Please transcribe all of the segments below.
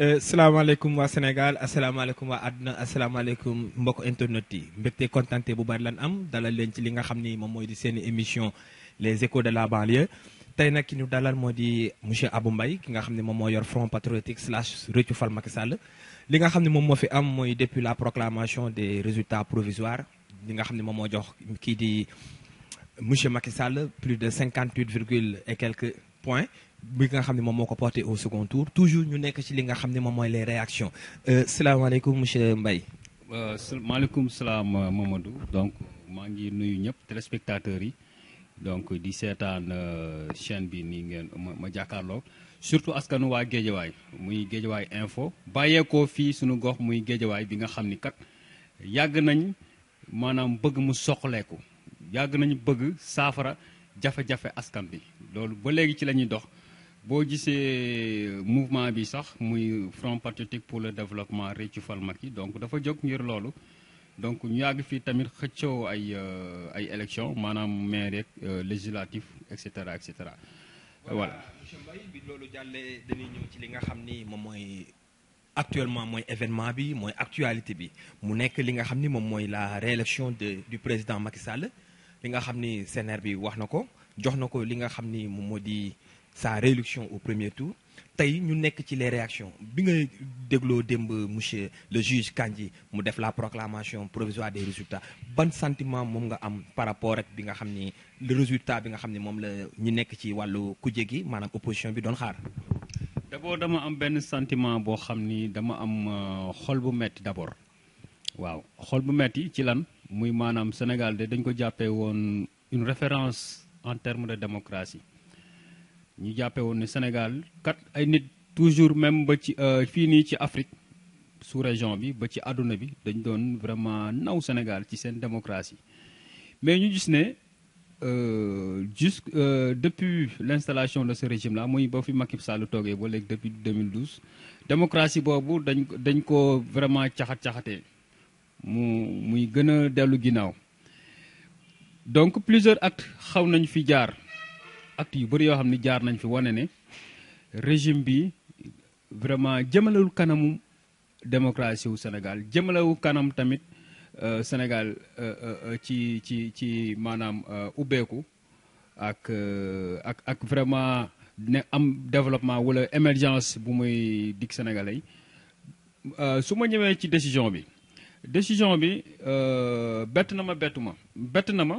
Euh, salaamaaleykum wa Sénégal asalaamaaleykum waa àdduna asalaamaaleykum mbok internet yi mbégte contenté bu bari lan am dalal len ci li nga xam mom moy di seen émission les échos de la banlieue Tay nak ki ñu dalal mo di monsieur Abou Mbaye ki nga xam mom mo yor front patriotique slash Fall Macky Sall li nga xam mom mo fi am moy depuis la proclamation des résultats provisoires li nga xam mom mo jox ki di monsieur Macky Sall plus de 58 virgule et quelques points bi nga xam ne moom moo ko porté au second tour toujours ñu nekk ci li nga xam ne moom mooy les réactions euh, salaamaaleykum monsieur Mbaye. Euh, maaleykum salaam euh, Mamadou donc maa ngi nuyu ñëpp téléspectateurs yi donc di seetaan chaîne bi nii ngeen ma ma jàkkaarloog surtout askanu waa Géejawaay muy Géejawaay info bàyyeekoo fii suñu gox muy Géejawaay bi nga xam ni kat yàgg nañ maanaam bëgg mu soxleeku yàgg nañ bëgg saafara jafe-jafe askan bi loolu ba léegi ci la ñuy dox. boo gisee euh, mouvement bi sax muy front patriotique pour le développement Réthiou Falmaki donc dafa jóg ngir loolu donc ñu yàgg fii tamit xëccoo ay euh, ay élection maanaam maire rek euh, législatif etc etc voilà monsieur Mbaye bi loolu jàllee dañuy ñëw ci li nga xam ni moom actuellement mooy événement bi mooy actualité bi mu nekk li nga xam ni moom la réélection de du président Macky Sall li nga xam ni bi wax na ko jox na ko li nga xam ni moom sa réélection au premier tour nous les réactions le juge Kandji mu la proclamation provisoire des résultats sentiment par rapport à le résultat la opposition bi xaar. d'abord am sentiment bo xamni dama am euh, xol bu metti d'abord waaw xol bu metti ci lan muy Sénégal de dañ ko une référence en termes de démocratie ñu jàppe woon Sénégal kat ay nit toujours même ba ci euh, fii ci Afrique sous région bi ba ci aduna bi dañ doon vraiment naw Sénégal ci sen démocratie mais ñu gis ne euh, jusque euh, depuis l'installation de ce régime là moy ba fi Macky Sall togué ba léegi depuis 2012 démocratie bobu dañ dañ ko vraiment caxat-caxatee mu muy gëna delu ginaaw donc plusieurs actes xaw nañ fi jaar acte yu bëri yoo xam ne jaar nañ fi wane ne régime bi vraiment jëmalewul kanamu démocratie wu Sénégal jëmalewu kanam tamit euh, Sénégal euh, euh, ci ci ci maanaam ubbeeku ak ak ak vraiment ne am développement wala émergence bu muy dig sénégalais su ma ñëwee ci décision bi décision bi bett na ma bettu ma bett na ma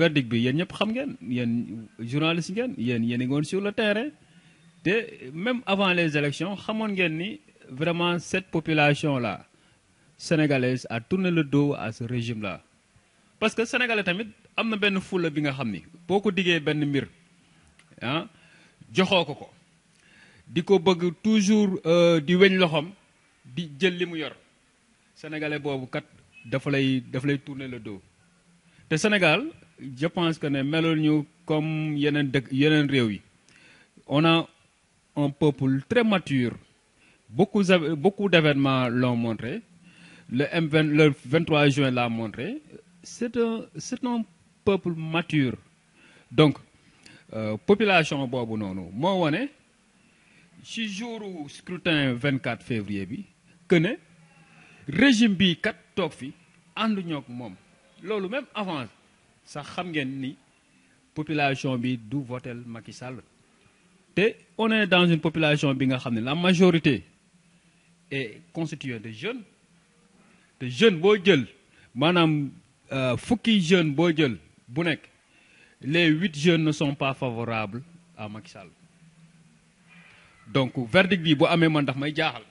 verdict bi yeen ñep xam ngeen yeen journaliste ngeen yéen yéen a sur le terrain té même avant les élections xamone ngeen ni vraiment cette population là sénégalaise a tourné le dos à ce régime là. parce que sénégalais tamit amna ben foule bi nga xamni ni diggé ben mir benn mbir ah ko ko di bëgg toujours euh, di weñ loxom di jël limu yor sénégalais bobu kat dafa lay dafa lay tourner le dos te Sénégal je pense que nous sommes comme les on a un peuple très mature beaucoup d'événements l'ont montré le 23 juin l'a montré c'est un peuple mature donc euh, population Moi, pense que wone ci au scrutin 24 février bi que régime bi kat tok fi andu ñok même avant sax xam ngeen ni population bi du voter Macky Sall te on est dans une population bi nga xam la majorité est constituée de jeunes De jeunes boo jël maanaam euh, fukki jeune boo jël bu les huit jeunes ne sont pas favorables à Macky Sall donc verdict bi bu amee man daf may jaaxal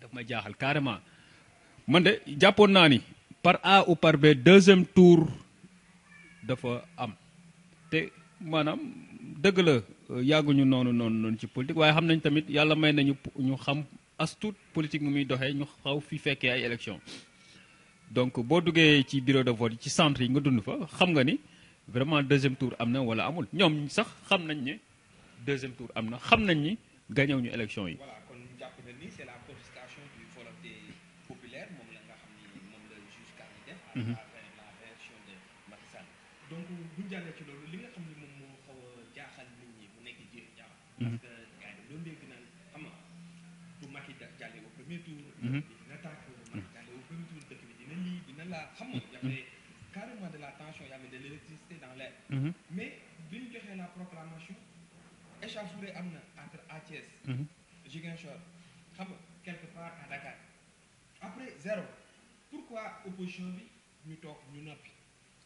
daf may jaaxal carrément man de jàppoon par A ou par B deuxième tour dafa am te manam deug la euh, yàgguñu noonu non non ci politique waye xam nañ tamit yalla may nañu ñu xam astute politique mu muy doxee ñu xaw fi fekkee ay élection donc bo duggé ci bureau de vote ci centre yi nga dund fa xam nga ni vraiment deuxième tour amna wala amul ñom sax xam nañ ne deuxième tour amna na xam nañ ni gañëw ñu élection yi. voilà kon japp na ni c'est la confiscation du volonté populaire mom la nga xam ni moom la juge def. Il ci de la tension y avait de l'électricité dans l'air. Mhm. mais bi ñu la proclamation entre Thiès. Mhm. quelque part à Dakar après zéro pourquoi opposition bi ñu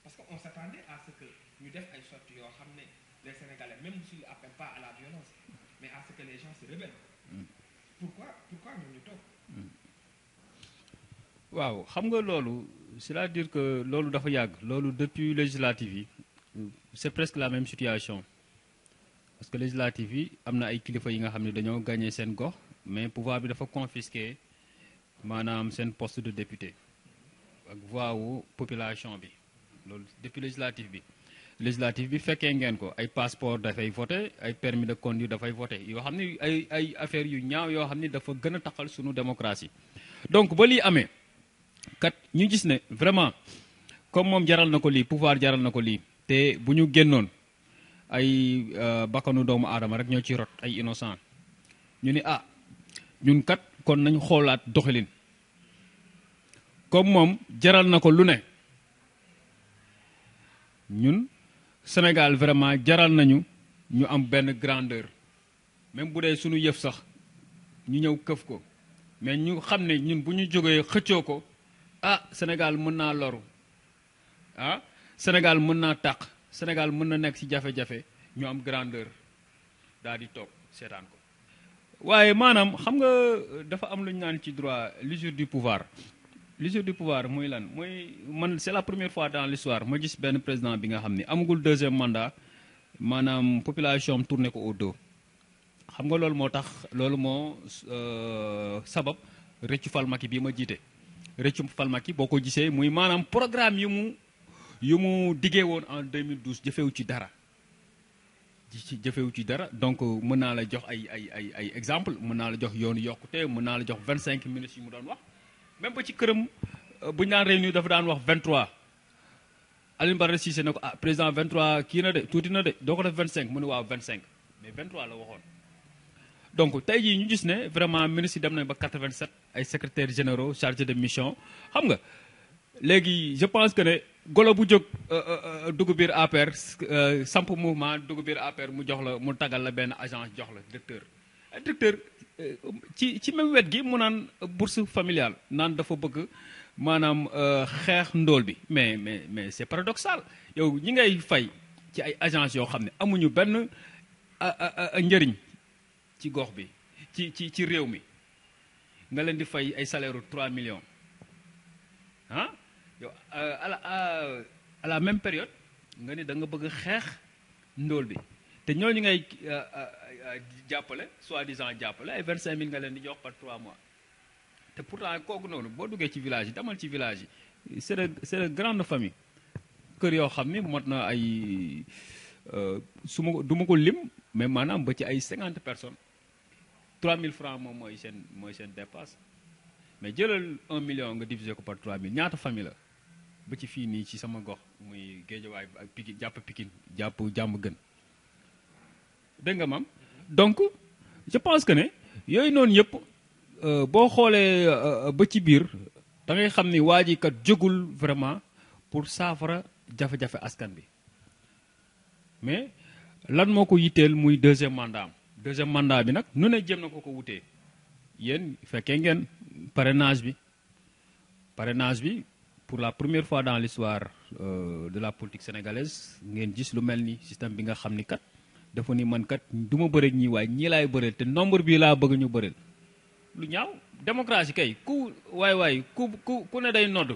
parce qu'on s'attendait à ce que nous devions ay de ramener les Sénégalais même s'ils n'appellent pas à la violence mais à ce que les gens se rebellent mm. pourquoi pourquoi nous ñu toog mm. waaw c'est-à-dire que depuis la depuis législative c'est presque la même situation parce que législative il y a ay kilifa yi nga gagné gox mais pouvoir bi confisqué, confisquer poste de député ak population bi loolu depuis législative bi législatif bi fekkee ngén ko ay passeport da fay voté ay permis de conduire da fay voté yo xam ay ay affaire yu ñaaw yo xam ne dafa gëna a taxal sunu démocratie donc ba li amé kat ñu gis né vraiment comme mom jaral nako li pouvoir jaral nako li té buñu gennon ay euh, bakkanu doomu adam rek ñoo ci rot ay innocent ñu ni ah ñun kat kon nañ xolaat doxalin comme mom jaral nako lu ne ñun Sénégal vraiment jaral nañu ñu am benn grandeur même bu dee suñu yëf sax ñu ñëw këf ko mais ñu xam ne ñun bu ñu jógee xëccoo ko ah Sénégal mën naa loru ah Sénégal mën naa tàq Sénégal mën na nekk ci jafe-jafe ñu am grandeur daal di toog seetaan ko waaye maanaam xam nga dafa am lu ñu naan ci droit l'usure du pouvoir l'usure du pouvoir muy lan man c'est la première fois dans l'histoire ma gis benn président bi nga xam ni amagul deuxième mandat Manam population am tourné ko au dos xam nga loolu motax tax mo euh sabab rëccu falmaki bi ma jité rëccu falmaki boo ko gisee muy maanaam programme yu mu yu won en 2012 jëfewu ci dara ci jëfewu ci dara donc mën la jox ay ay ay ay exemple mën la jox yoon yokkute mën la jox 25 minutes yi mu doon wax même petit ci këram euh, bu ñu réunion dafa dan wax 23 Alioune Badara Cissé ne ah président 23 ki na dé tout na de doko ko def 25 mu ne 25 mais 23 la waxone donc tay ji ñu gis né vraiment ministre yi dem nañ ba 87 ay secrétaires généraux chargés de mission xam nga légui je pense que né golo bu jóg euh, euh, dugg biir APR samp mouvement dugubir APR mu jox la mu tagal la ben agence jox la directeur directeur. ci ci même wet gi mu naan bourse familial naan dafa bëgg maanaam euh, xeex ndool bi mais mais mais c'est paradoxal yow ñi ngay fay ci ay agence yoo xam ne amuñu benn njëriñ ci gox bi ci ci ci réew mi nga leen di fay ay salaire trois millions ah yow euh, à la à la même période nga ni danga bëgg xeex ndool bi te ñooñu ngay euh, japonais soi-disant japonais et 25000 nga di par 3 mois te pourtant village village c'est une grande famille que yo mot na euh, lim mais maintenant 50 personnes 3000 francs moi mooy mooy s'en dépasse mais un 1 million nga diviser par 3000 a famille la ba ci ci sama muy donc je pense que ne non yep euh bo xolé euh, ba ci bir da ngay xamni ni kat jógul vraiment pour saafara jafé jafé askan bi mais lan moko yitel yitteel muy deuxième mandat deuxième mandat bi nak nu ne jéem na ko ko wutee yéen fekkee ngeen parrainage bi parrainage bi pour la première fois dans l'histoire euh, de la politique sénégalaise ngeen gis lu melni système bi nga xamni kat dafa ni mankat kat du ma bëre ñii waaye ñii laay bëreel te nombre bii laa bëgg ñu bëreel lu ñaaw démocratie kay ku waay waay ku ku ku ne day nodd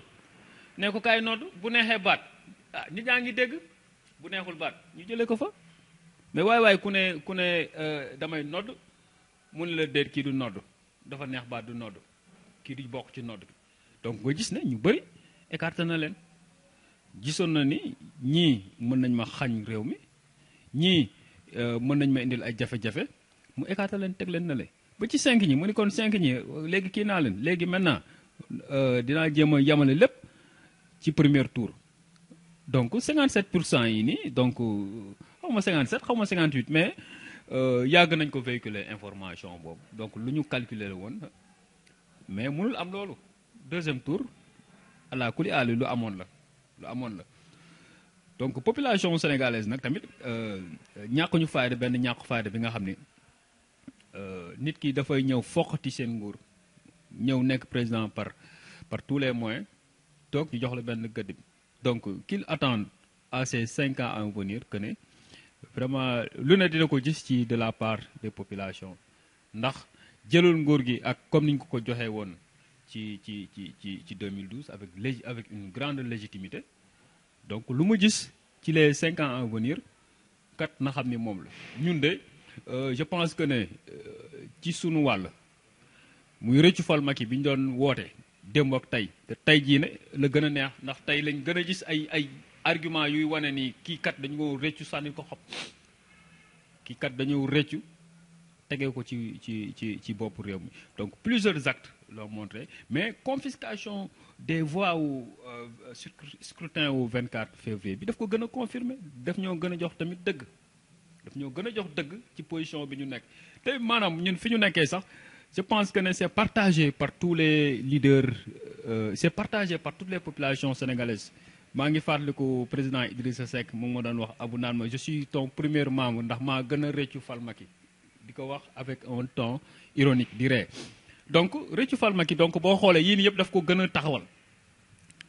ne ko kaay nodd bu neexee baat ah nit ñaa ngi dégg bu neexul baat ñu jëlee ko fa mais waay waay ku ne ku ne euh, damay nodd mu ne la déet kii du nodd dafa neex baat du nodd kii du bokk ci nodd bi donc nga gis ne ñu bëri écarté na leen gisoon na ni ñii mën nañ ma xañ réew mi ñii Euh, mën nañ ma indil ay jafe-jafe mu écarté leen teg leen na ba ci cinq ñi mu ni kon cinq ñi léegi kii naa leen léegi maintenant euh, dinaa jéem a yamale lépp ci premier tour donc 57 pour cent yi nii donc euh, xaw ma 57 xaw ma 58 mais yàgg nañ ko véhiculer information boobu donc lu ñu calculer la woon mais mënul am loolu deuxième tour allah kulli aali lu amoon la lu amoon la donc population sénégalaise nak tamit ben, bi nga euh, nit ki nguur président par par tous les moyens donc, ñu jox la donc qu'il attend à ces cinq ans à venir que vraiment lu dina de la part des populations ndax jëlul comme 2012 avec une grande légitimité donc lu ma gis ci les 5 ans à venir kat na xam ni moom la ñun de euh, je pense que ne euh, ci sunu wàll muy rëccu fal Macky bi ñu doon woote démb ak tey te tey jii ne la gën neex ndax tay lañ gëna gis ay ay argument yuy wone ni ki kat dañu ko rëccu sànni ko xop ki kat dañu rëccu tegee ko ci ci ci ci bopp réew mi donc plusieurs actes leur montré mais confiscation des voix wu euh, scrutin au 24 février bi daf ko gën a confirmer daf ñoo gën a jox tamit dëgg daf ñoo gën a jox dëgg ci position bi ñu nekk tey maanaam ñun fi ñu nekkee sax je pense que ne c'est partagé par tous les leaders euh, c'est partagé par toutes les populations sénégalaises maa ngi fàttaliku président Idrissa Seck moom moo doon wax abu naan ma je suis ton premier membre ndax ma gën a Falmaki diko wax avec un ton ironique di donc rëccu fal Macky donc bo xolé yeen nii yëpp daf ko gëna taxawal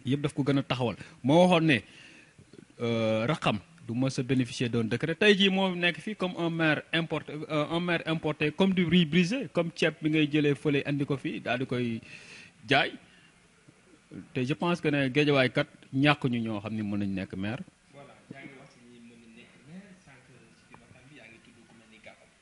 yëpp daf ko gëna a taxawal moo waxoon euh Raxam du mësa bénéficier d'un décret tay ji mo nekk fi comme un maire importé euh, un maire importé comme du riz brisé comme ceeb bi ngay jëlé fële andi ko fi dal dikoy koy jaay te je pense que né géejawaay kat ñàkk ñu ño xamni ni mën nañ nekk maire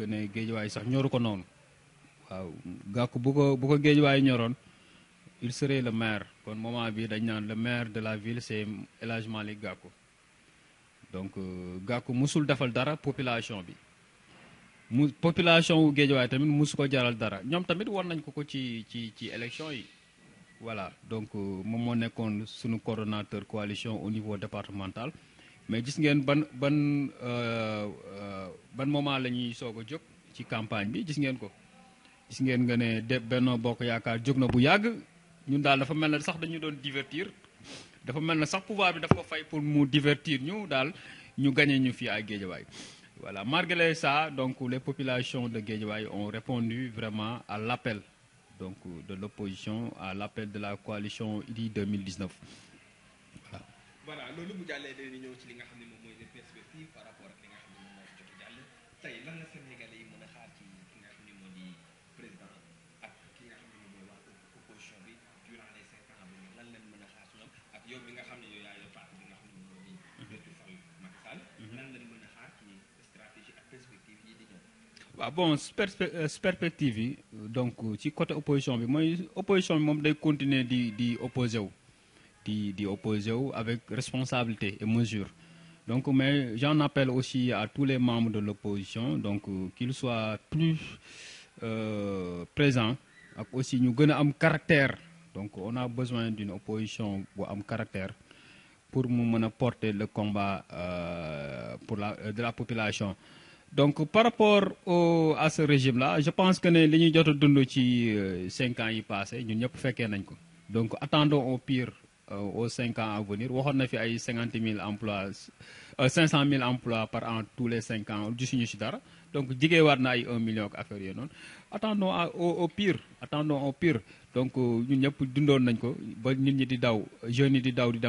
que ne géejawaay sax ñoru ko non waaw gàkku bu ko bu ko géejawaay ñoroon il serait le maire kon moment bi dañ nan le maire de la ville c'est Elage Hadj Malick donc euh, Gakou musul defal dara population bi mu population wu géejawaay tamit musu ko jaral dara ñom tamit won nañ ko ko ci ci ci election yi voilà donc euh, moom mo nekkoon suñu coordinateur coalition au niveau départemental mais gis ngeen ban ban euh, euh, ban moment lañuy ñuy soog a jóg ci campagne bi gis ngeen ko gis ngeen nga ne de Benno Bokk Yaakaar jóg na bu yàgg ñun daal dafa mel ne sax dañu doon divertir dafa mel ne sax pouvoir bi daf ko fay pour mu divertir ñu daal ñu gagné ñu fii ay Guédiawaye voilà malgré ça donc les populations de Guédiawaye ont répondu vraiment à l'appel donc de l'opposition à l'appel de la coalition IDI 2019 voilà loolu bu jàllee dañu ñëw ci li nga xam ne moom mooy des perspectives par rapport ak li nga xam ne moom moo jot a jàll tey lan la Sénégalais yi mën a xaar ci ki nga xam ne moo di président ak ki nga xam ne moom mooy waa opposition bi durant les cinq ans bi lan lañ mën a xaar ci ñoom ak yow bi nga xam ne yow yaa yor parti bi nga xam ne moom moo di dëkk Fall Macky Sall mhm. lan lañ mën a xaar ci stratégie ak perspectives yi di ñëw waaw bon euh, perspective yi donc ci côté opposition bi mooy opposition bi moom day continuer di di opposé wu di avec responsabilité et mesure. Donc, mais j'en appelle aussi à tous les membres de l'opposition, donc euh, qu'ils soient plus euh, présents, aussi nous gëna un caractère. Donc, on a besoin d'une opposition qui caractère pour à porter le combat euh, pour la, euh, de la population. Donc, par rapport à ce régime-là, je pense que les gens qui ont 5 ans passés, nous nañ fait Donc, attendons au pire. Euh, aux 5 ans à venir. Nous avons 50 000 emplois, 500 euh, 000 emplois par an tous les 5 ans. Du signe Chitara. Donc, il y a 1 million d'affaires. Attendons au, au pire. Attendons au pire. Donc, nous avons nous, les jeunes qui ont nous, jeunes qui ont été nous, qui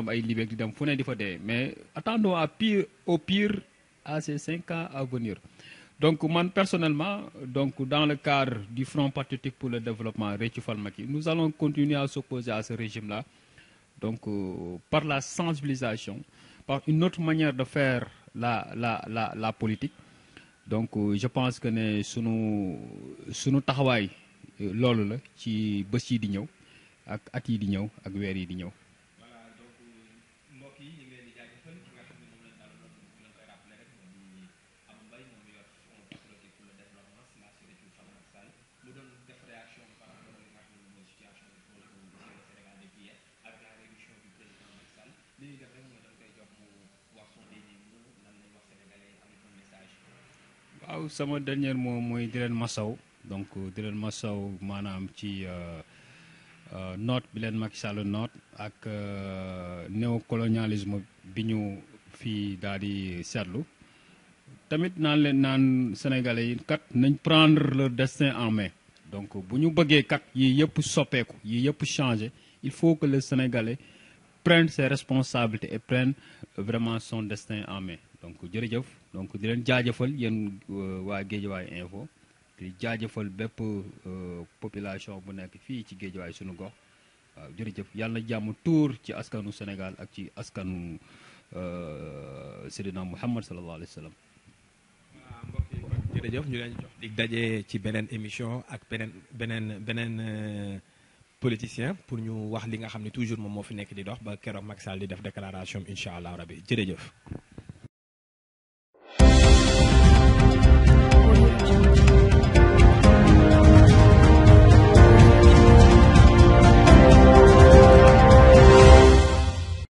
ont été libérés. Mais attendons à pire, au pire à ces 5 ans à venir. Donc, moi, personnellement, donc, dans le cadre du Front Patriotique pour le Développement, nous allons continuer à s'opposer à ce régime-là. Donc, euh, par la sensibilisation, par une autre manière de faire la, la, la, politique. Donc, euh, je pense que ce sommes sunu taxawaay euh, loolu la ci bës yi di ñëw ak at di sama dernière mot moy di Massaw donc euh, di leen masaw maanaam euh, euh note bi len Macky Sall ak euh, néocolonialisme bi fi fii daal di seetlu tamit nan len nan sénégalais yi kat nañ prendre leur destin en main donc buñu bëggé bëggee kat yii yëpp ko yi yëpp changer il faut que le sénégalais prenne ses responsabilités et prenne vraiment son destin en main donc jërëjëf donc di len jaajëfal yéen euh, wa Géejawaay info di jaajëfal bepp euh, population bu nek fi ci Géejawaay sunu gox waaw jërëjëf yàlla na jàmm ci askanu senegal ak ci askanu euh, Seydina Muhammad sallalahu alayhi wasallam sallam. waaw ñu leen jox dig dajé ci benen émission ak benen benen benen politicien pour ñu wax li nga xamni toujours mom moo fi nekk di dox ba keroog Macky Sall di def déclaration inshallah allah rabi jërëjëf.